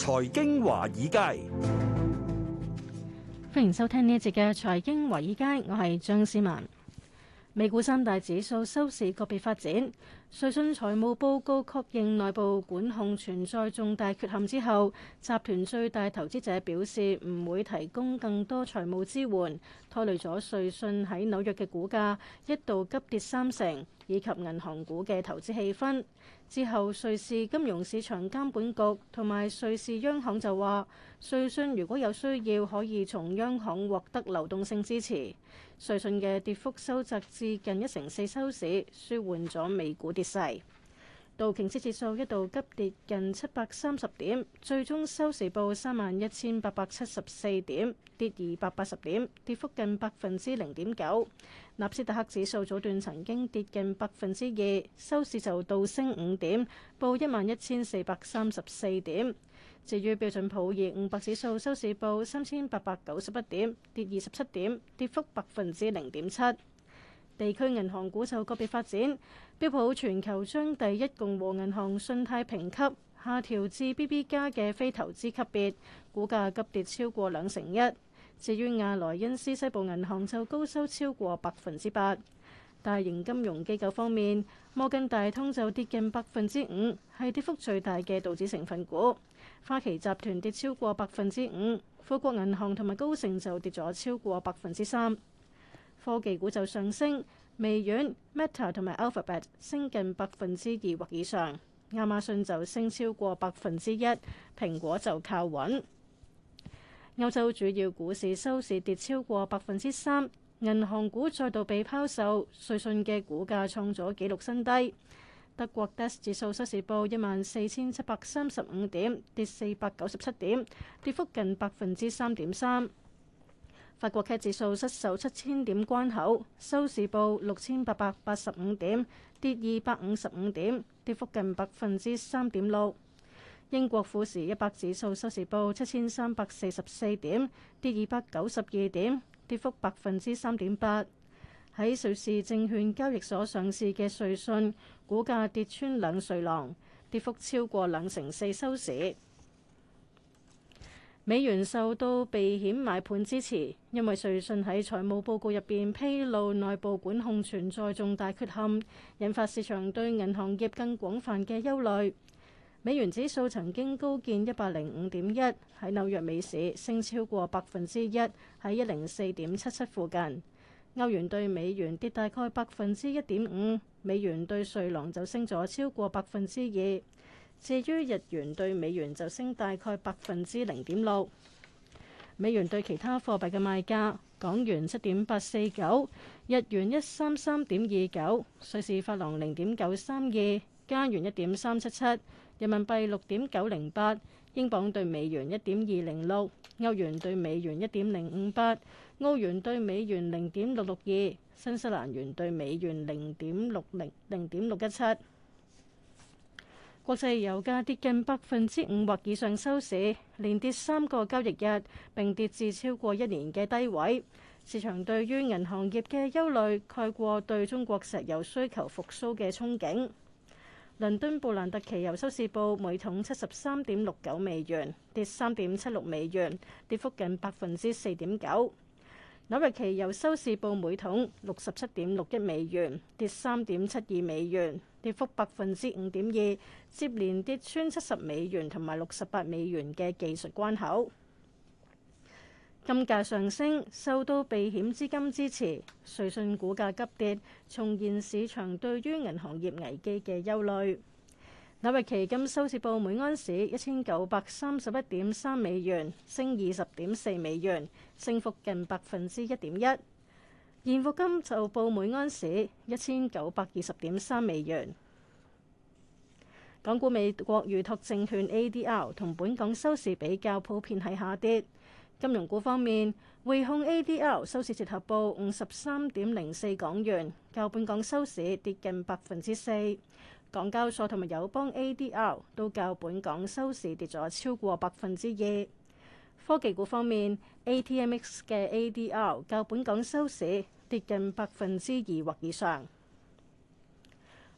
財經華爾街，歡迎收聽呢一節嘅財經華爾街，我係張思文。美股三大指數收市個別發展。瑞信財務報告確認內部管控存在重大缺陷之後，集團最大投資者表示唔會提供更多財務支援，拖累咗瑞信喺紐約嘅股價一度急跌三成，以及銀行股嘅投資氣氛。之後，瑞士金融市場監管局同埋瑞士央行就話，瑞信如果有需要，可以從央行獲得流動性支持。瑞信嘅跌幅收窄至近一成四收市，舒緩咗美股跌跌勢，道瓊斯指數一度急跌近七百三十點，最終收市報三萬一千八百七十四點，跌二百八十點，跌幅近百分之零點九。納斯達克指數早段曾經跌近百分之二，收市就倒升五點，報一萬一千四百三十四點。至於標準普爾五百指數收市報三千八百九十一點，跌二十七點，跌幅百分之零點七。地區銀行股就個別發展，標普全球將第一共和銀行信貸評級下調至 BB 加嘅非投資級別，股價急跌超過兩成一。至於亞萊恩斯西部銀行就高收超過百分之八。大型金融機構方面，摩根大通就跌近百分之五，係跌幅最大嘅道指成分股。花旗集團跌超過百分之五，富國銀行同埋高盛就跌咗超過百分之三。科技股就上升，微軟、Meta 同埋 Alphabet 升近百分之二或以上，亞馬遜就升超過百分之一，蘋果就靠穩。歐洲主要股市收市跌超過百分之三，銀行股再度被拋售，瑞信嘅股價創咗紀錄新低。德國 DAX 指數收市報一萬四千七百三十五點，跌四百九十七點，跌幅近百分之三點三。法國 CAC 指數失守七千點關口，收市報六千八百八十五點，跌二百五十五點，跌幅近百分之三點六。英國富時一百指數收市報七千三百四十四點，跌二百九十二點，跌幅百分之三點八。喺瑞士證券交易所上市嘅瑞信股價跌穿兩瑞郎，跌幅超過兩成四，收市。美元受到避險買盤支持，因為瑞信喺財務報告入邊披露內部管控存在重大缺陷，引發市場對銀行業更廣泛嘅憂慮。美元指數曾經高見一百零五點一，喺紐約美市升超過百分之一，喺一零四點七七附近。歐元對美元跌大概百分之一點五，美元對瑞郎就升咗超過百分之二。至於日元對美元就升大概百分之零點六，美元對其他貨幣嘅賣價：港元七點八四九，日元一三三點二九，瑞士法郎零點九三二，加元一點三七七，人民幣六點九零八，英鎊對美元一點二零六，歐元對美元一點零五八，澳元對美元零點六六二，新西蘭元對美元零點六零零點六一七。國際油價跌近百分之五或以上收市，連跌三個交易日，並跌至超過一年嘅低位。市場對於銀行業嘅憂慮蓋過對中國石油需求復甦嘅憧憬。倫敦布蘭特期油收市報每桶七十三點六九美元，跌三點七六美元，跌幅近百分之四點九。紐約期油收市報每桶六十七點六一美元，跌三點七二美元，跌幅百分之五點二，接連跌穿七十美元同埋六十八美元嘅技術關口。金價上升，受到避險資金支持；瑞信股價急跌，重現市場對於銀行業危機嘅憂慮。紐約期金收市報每安士一千九百三十一點三美元，升二十點四美元，升幅近百分之一點一。現貨金就報每安士一千九百二十點三美元。港股美國預託證券 ADR 同本港收市比較普遍係下跌。金融股方面，匯控 ADR 收市折合報五十三點零四港元，較本港收市跌近百分之四。港交所同埋友邦 ADR 都較本港收市跌咗超過百分之二。科技股方面，ATMX 嘅 ADR 較，較本港收市跌近百分之二或以上。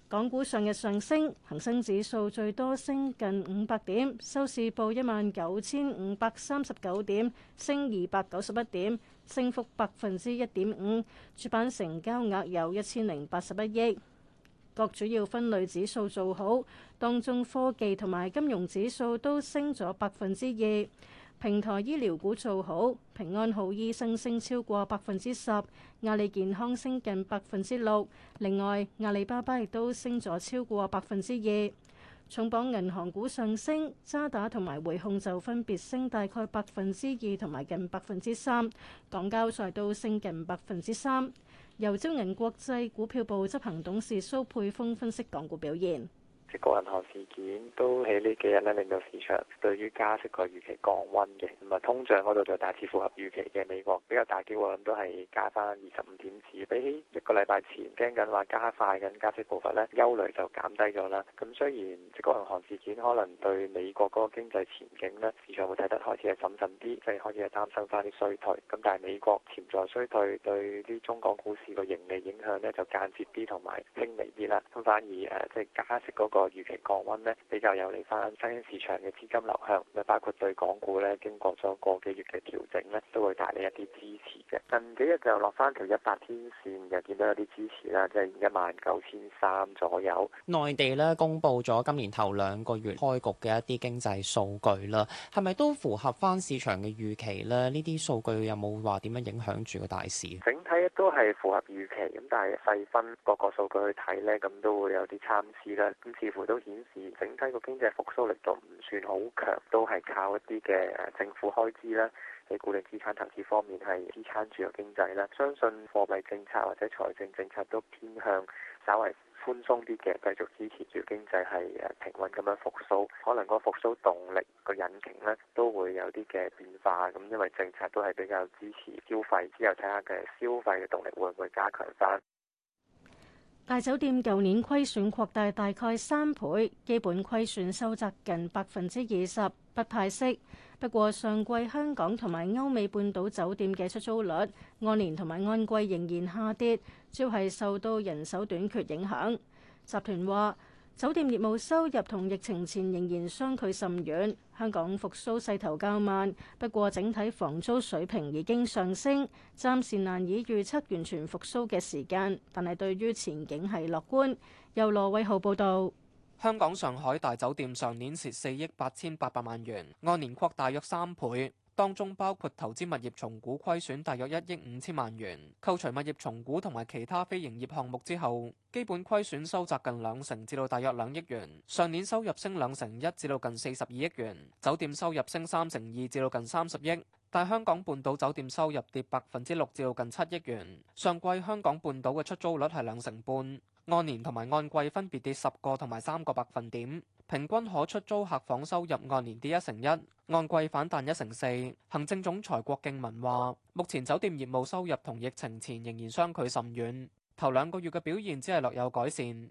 港股上日上升，恒生指數最多升近五百點，收市報一萬九千五百三十九點，升二百九十一點，升幅百分之一點五。主板成交額有一千零八十一億。各主要分類指數做好，當中科技同埋金融指數都升咗百分之二。平台醫療股做好，平安好醫生升超過百分之十，阿里健康升近百分之六。另外，阿里巴巴亦都升咗超過百分之二。重磅銀行股上升，渣打同埋匯控就分別升大概百分之二同埋近百分之三，港交所都升近百分之三。由招銀國際股票部執行董事蘇佩峰分析港股表現。即係國銀行事件都喺呢幾日咧，令到市場對於加息個預期降溫嘅，咁啊通脹嗰度就大致符合預期嘅。美國比較大機會，都係加翻二十五點子，比起一個禮拜前驚緊話加快緊加息步伐咧，憂慮就減低咗啦。咁雖然直國銀行事件可能對美國嗰個經濟前景咧，市場會睇得開始係審慎啲，即係開始係擔心翻啲衰退。咁但係美國潛在衰退對啲中港股市個盈利影響咧，就間接啲同埋輕微啲啦。咁反而誒，即係加息嗰個。個預期降温呢，比較有利翻新興市場嘅資金流向，啊包括對港股咧，經過咗個幾月嘅調整咧，都會帶嚟一啲支持嘅。近幾日就落翻條一百天線又見到有啲支持啦，即係一萬九千三左右。內地咧，公布咗今年頭兩個月開局嘅一啲經濟數據啦，係咪都符合翻市場嘅預期呢？呢啲數據有冇話點樣影響住個大市？整體都係符合預期咁，但係細分各個數據去睇呢，咁都會有啲參差啦，今次。似乎都顯示整體個經濟復甦力度唔算好強，都係靠一啲嘅政府開支啦，喺固定資產投資方面係支撐住個經濟啦。相信貨幣政策或者財政政策都偏向稍為寬鬆啲嘅，繼續支持住經濟係誒平穩咁樣復甦。可能個復甦動力個引擎呢都會有啲嘅變化咁，因為政策都係比較支持消費，之後睇下嘅消費嘅動力會唔會加強返。大酒店舊年虧損擴大大概三倍，基本虧損收窄近百分之二十，不派息。不過上季香港同埋歐美半島酒店嘅出租率按年同埋按季仍然下跌，主要係受到人手短缺影響。集團話。酒店業務收入同疫情前仍然相距甚遠，香港復蘇勢頭較慢。不過整體房租水平已經上升，暫時難以預測完全復蘇嘅時間，但係對於前景係樂觀，由羅偉浩報道，香港上海大酒店上年蝕四億八千八百萬元，按年擴大約三倍。當中包括投資物業重估虧損大約一億五千萬元，扣除物業重估同埋其他非營業項目之後，基本虧損收窄近兩成，至到大約兩億元。上年收入升兩成一，至到近四十二億元；酒店收入升三成二，至到近三十億。但香港半島酒店收入跌百分之六，至到近七億元。上季香港半島嘅出租率係兩成半。按年同埋按季分別跌十個同埋三個百分點，平均可出租客房收入按年跌一成一，按季反彈一成四。行政總裁郭敬文話，目前酒店業務收入同疫情前仍然相距甚遠，頭兩個月嘅表現只係略有改善。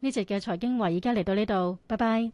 呢集嘅財經話，而家嚟到呢度，拜拜。